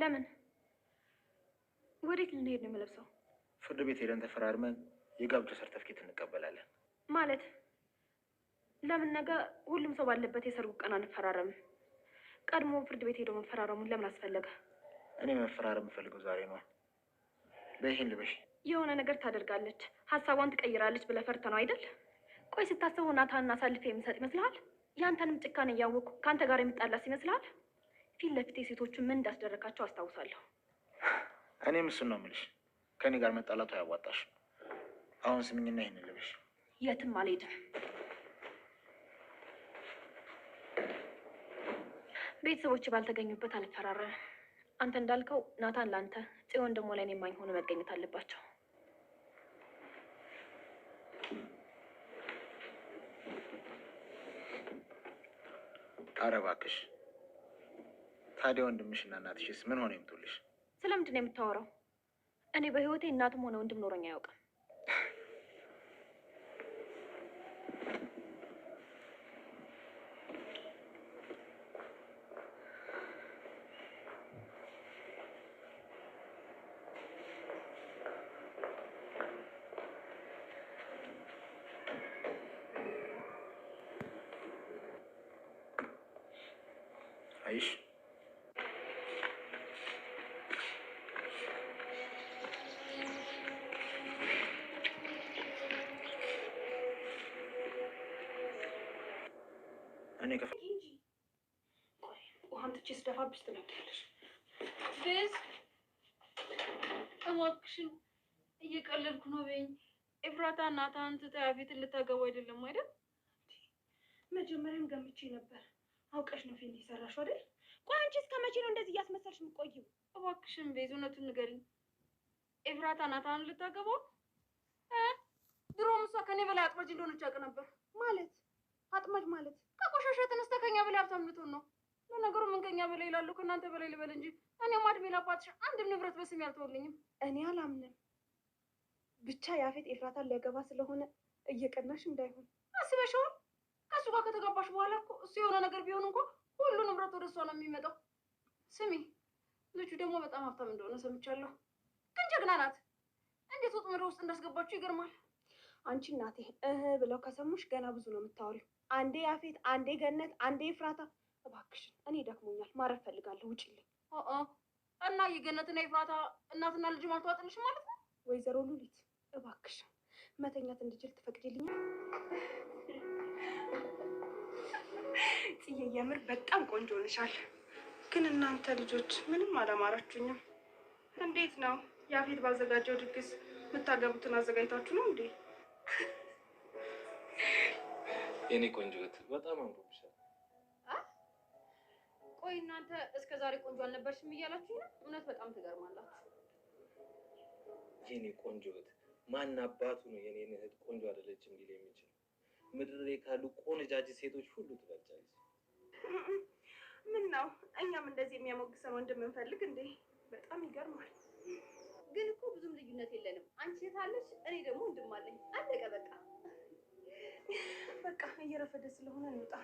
ለምን? ወዴት ልንሄድ ነው የምለብሰው? ፍርድ ቤት ሄደን ተፈራርመን የጋብቻ ሰርተፍኬት እንቀበላለን። ማለት ለምን? ነገ ሁሉም ሰው ባለበት የሰርጉ ቀን አንፈራረምም? ቀድሞ ፍርድ ቤት ሄዶ መፈራረሙን ለምን አስፈለገ? እኔ መፈራረም የምፈልገው ዛሬ ነው። በይሄን ልበሽ። የሆነ ነገር ታደርጋለች፣ ሀሳቧን ትቀይራለች ብለህ ፈርተህ ነው አይደል? ቆይ ስታስበው ናታንን አሳልፌ የምሰጥ ይመስልሃል? ያንተንም ጭካኔ እያወቅኩ ከአንተ ጋር የምጣላስ ይመስልሃል? ፊት ለፊት የሴቶቹ ምን እንዳስደረካቸው አስታውሳለሁ። እኔም እሱን ነው የምልሽ። ከእኔ ጋር መጣላቱ አያዋጣሽ። አሁን ስምኝና ይህን ልብሽ። የትም አልሄድም። ቤተሰቦች ባልተገኙበት አልፈራረም። አንተ እንዳልከው ናታን ለአንተ ጽዮን ደግሞ ላይ የማኝ ሆኖ መገኘት አለባቸው። አረ እባክሽ ታዲያ እና እናትሽስ ምን ሆነ የምትውልሽ? ስለምንድን ነው የምታወራው? እኔ በህይወቴ እናትም ሆነ ወንድም ኖረኝ አያውቅም። አይሽ ነው የከፈለው። ውሃም ትቼ ስደፋብሽ ትነግሪያለሽ። ቤዝ እባክሽን እየቀለድኩ ነው በይኝ። ኤፍራታ እናታን ትታያፊትን ልታገቡ አይደለም አይደል? መጀመሪያም ገምቼ ነበር። አውቀሽ ነው ፊልም የሰራሽው አይደል? ቆይ አንቺ እስከ መቼ ነው እንደዚህ እያስመሰልሽ የምትቆይው? እባክሽን ቤዝ እውነቱን ንገሪኝ። ኤፍራታ ናታን ልታገባው? ድሮም እሷ ከኔ በላይ አጥማጅ እንደሆነች አውቅ ነበር። ማለት አጥማጅ ማለት ከኛ በላይ ሀብታም ልትሆን ነው። ለነገሩ ምን ከኛ በላይ ይላሉ? ከእናንተ በላይ ልበል እንጂ እኔም አድሜ ላባትሽ አንድም ንብረት በስሜ አልተወልኝም። እኔ አላምንም። ብቻ ያፌት ኤፍራታን ሊያገባ ስለሆነ እየቀናሽ እንዳይሆን አስበሽዋል። ከእሱ ጋር ከተጋባሽ በኋላ እኮ እሱ የሆነ ነገር ቢሆን እንኳ ሁሉ ንብረት ወደ እሷ ነው የሚመጣው። ስሚ፣ ልጁ ደግሞ በጣም ሀብታም እንደሆነ ሰምቻለሁ። ግን ጀግና ናት። እንዴት ወጥመድ ውስጥ እንዳስገባችሁ ይገርማል። አንቺ እናቴ እህ ብለው ከሰሙሽ ገና ብዙ ነው የምታወሪው። አንዴ ያፌት፣ አንዴ ገነት፣ አንዴ ፍራታ እባክሽን እኔ ደክሞኛል፣ ማረፍ ፈልጋለሁ፣ ውጪልኝ። እና የገነትና ኤፍራታ እናትና ልጅ ማልተዋጥልሽ ማለት ነው? ወይዘሮ ሉሊት እባክሽን መተኛት እንድችል ትፈቅድልኛል? ጽዬ የምር በጣም ቆንጆ ልሻል። ግን እናንተ ልጆች ምንም አላማራችሁኝም። እንዴት ነው ያፌት ባዘጋጀው ድግስ የምታገቡትን አዘጋጅታችሁ ነው እንዴ? የኔ ቆንጆ እህት በጣም አንብብሻል። ቆይ እናንተ እስከ ዛሬ ቆንጆ አልነበርሽም እያላችሁ ነው? እውነት በጣም ትገርማላችሁ። የኔ ቆንጆ ማን አባቱ ነው የኔን እህት ቆንጆ አይደለችም ሊል የሚችል? ምድር ላይ ካሉ ቆንጃጅ ሴቶች ሁሉ ትበልጫለች። ምን ነው እኛም እንደዚህ የሚያሞግሰን ወንድም እንፈልግ እንዴ? በጣም ይገርማል። ግን እኮ ብዙም ልዩነት የለንም። አንቺ የታለሽ እኔ ደግሞ እንድማለኝ። አለቀ በቃ በቃ። እየረፈደ ስለሆነ እንውጣ።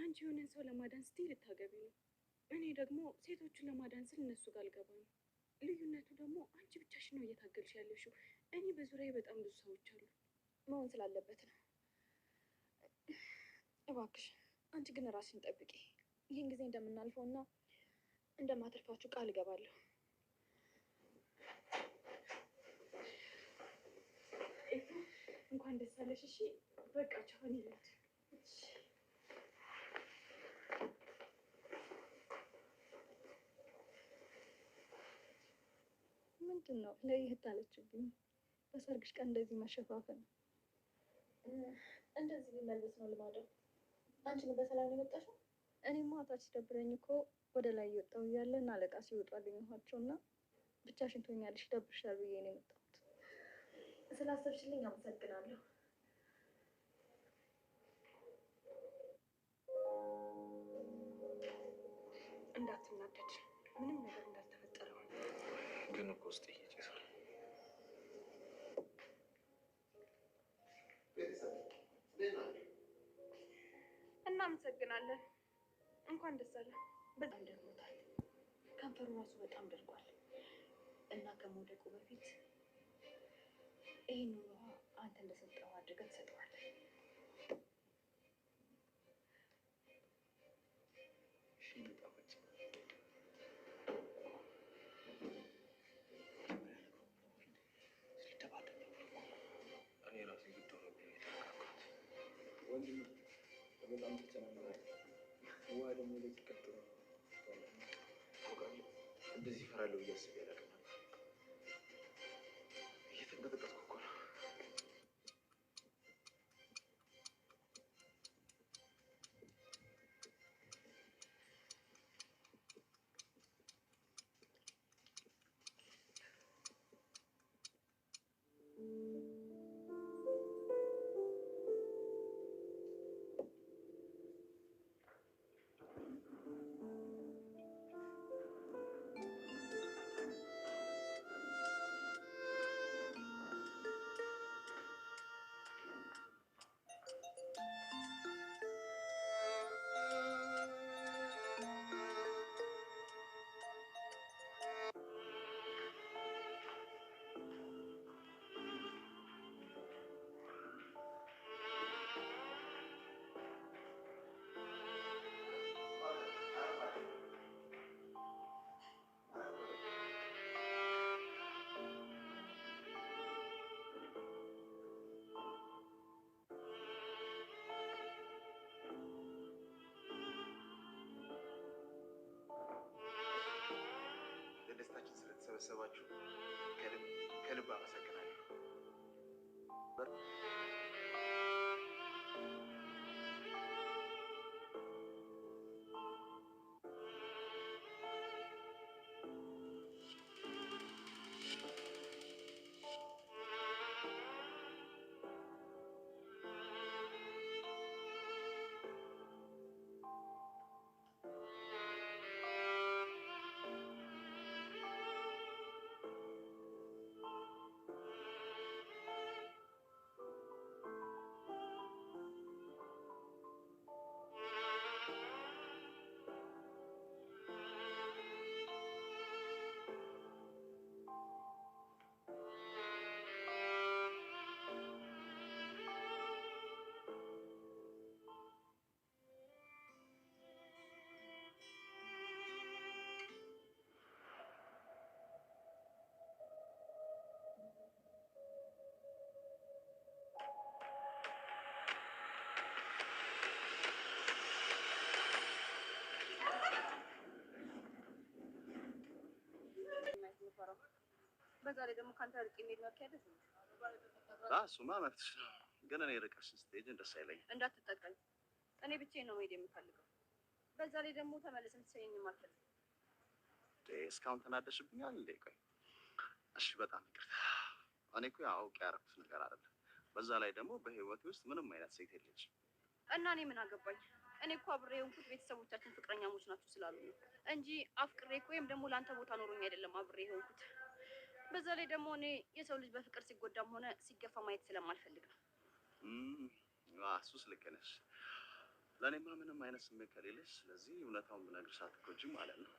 አንቺ የሆነን ሰው ለማዳን ስትይ ልታገቢ ነው። እኔ ደግሞ ሴቶቹን ለማዳን ስል እነሱ ጋር አልገባ ነው። ልዩነቱ ደግሞ አንቺ ብቻሽን ነው እየታገልሽ ያለሽው። እኔ በዙሪያዬ በጣም ብዙ ሰዎች አሉ። መሆን ስላለበት ነው። እባክሽ አንቺ ግን ራስሽን ጠብቂ። ይህን ጊዜ እንደምናልፈው እና እንደማትርፋችሁ ቃል እገባለሁ። እንኳን ደስ አለሽ። እሺ በቃ ቻው። ምንድን ነው ለየት አለችብኝ። በሰርግሽ ቀን እንደዚህ መሸፋፈን እንደዚህ ሊመልስ ነው ልማዱ። አንቺ ነው በሰላም የመጣሽው? እኔማ ታች ሲደብረኝ እኮ ወደ ላይ እየወጣሁ እያለ እና አለቃ ሲወጡ አገኘኋቸው እና ብቻሽን ትሆኛለሽ ይደብርሻል ብዬ ነው የመጣሁት። ስላሰብሽልኝ አመሰግናለሁ። እንዳትናደድ ምንም ነገር ግን እኮ ውስጥ እናመሰግናለን። እንኳን ደስ አለ። በጣም ደርሞታል። ከንፈሩ ራሱ በጣም ደርጓል እና ከመውደቁ በፊት ይህን ውሃ አንተ እንደሰጠው አድርገህ ትሰጠዋለህ። በጣም ተጨናነቀ። ውሃ ደግሞ እንደዚህ ፈራለሁ እያስብ ስለተሰበሰባችሁ ከልብ አመሰግናለሁ። በዛ ላይ ደግሞ ከአንተ ርቄ መሄድ መብት ያለ እሱማ መብትሽ ነው፣ ግን እኔ ርቀሽ ስትሄጂ ደስ አይለኝም። እንዳትጠቀኝ፣ እኔ ብቻዬን ነው መሄድ የምፈልገው። በዛ ላይ ደግሞ ተመለስም ትሰይኝም አልፈልግም። እስካሁን ተናደሽብኛል እንዴ? ቆይ እሺ፣ በጣም ይቅርታ። እኔ እኮ አውቄ ያደረኩት ነገር አይደለም። በዛ ላይ ደግሞ በህይወት ውስጥ ምንም አይነት ሴት የለችም እና እኔ ምን አገባኝ? እኔ እኮ አብሬ የሆንኩት ቤተሰቦቻችን ፍቅረኛሞች ናቸው ስላሉ ነው እንጂ አፍቅሬ ወይም ደግሞ ለአንተ ቦታ ኖሮኝ አይደለም አብሬ የሆንኩት በዛ ላይ ደግሞ እኔ የሰው ልጅ በፍቅር ሲጎዳም ሆነ ሲገፋ ማየት ስለማልፈልግ ነው። እሱስ ልክ ነሽ። ለእኔማ ምንም አይነት ስሜት ከሌለሽ፣ ስለዚህ እውነታውን ብነግርሽ አትጎጂም ማለት ነው።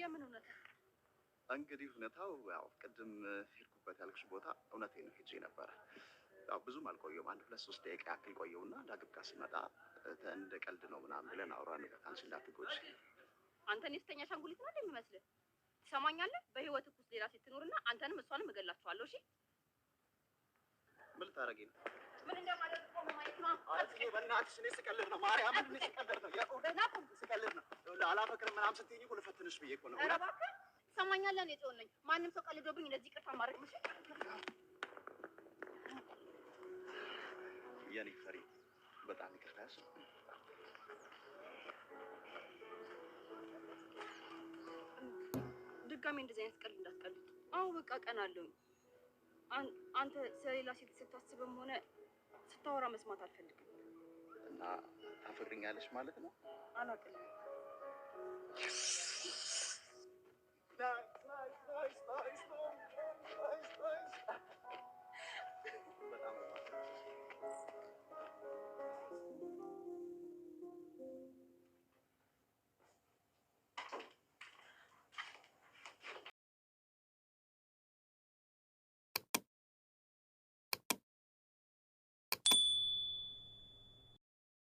የምን እውነታ? እንግዲህ እውነታው ያው ቅድም ሄድኩበት ያልኩሽ ቦታ እውነቴን ነው፣ ሄጄ ነበረ። ያው ብዙም አልቆየሁም፣ አንድ ሁለት ሶስት ደቂቃ ያክል ቆየሁና ዳግብቃ ስመጣ እንደ ቀልድ ነው ምናምን ብለን አውራ ነገር አንቺ እንዳትጎጂ። አንተን የስተኛ አሻንጉሊት ነው የሚመስልህ ትሰማኛለህ? በህይወት ውስጥ ሌላ ሴት ትኖርና አንተንም እሷንም እገላችኋለሁ። እሺ ምን ታረጊ ነው? ምን ነው በእናትሽ፣ እኔ ስቀልድ ነው ማርያም፣ እኔ ስቀልድ ነው የእውነት ስቀልድ ነው። አላፈቅርም ስትይኝ ብዬ ነኝ። ማንም ሰው ቀልዶብኝ እንደዚህ ይቅርታ ማድረግ ምሽ የኔ ፈሪ፣ በጣም ይቅርታ ያስ ድጋሜ እንደዚህ አይነት ቀልድ እንዳትቀልድ። አሁን በቃ ቀን አለውኝ። አንተ ስለሌላ ሴት ስታስብም ሆነ ስታወራ መስማት አልፈልግም። እና ታፈቅሪኛለሽ ማለት ነው? አላውቅም።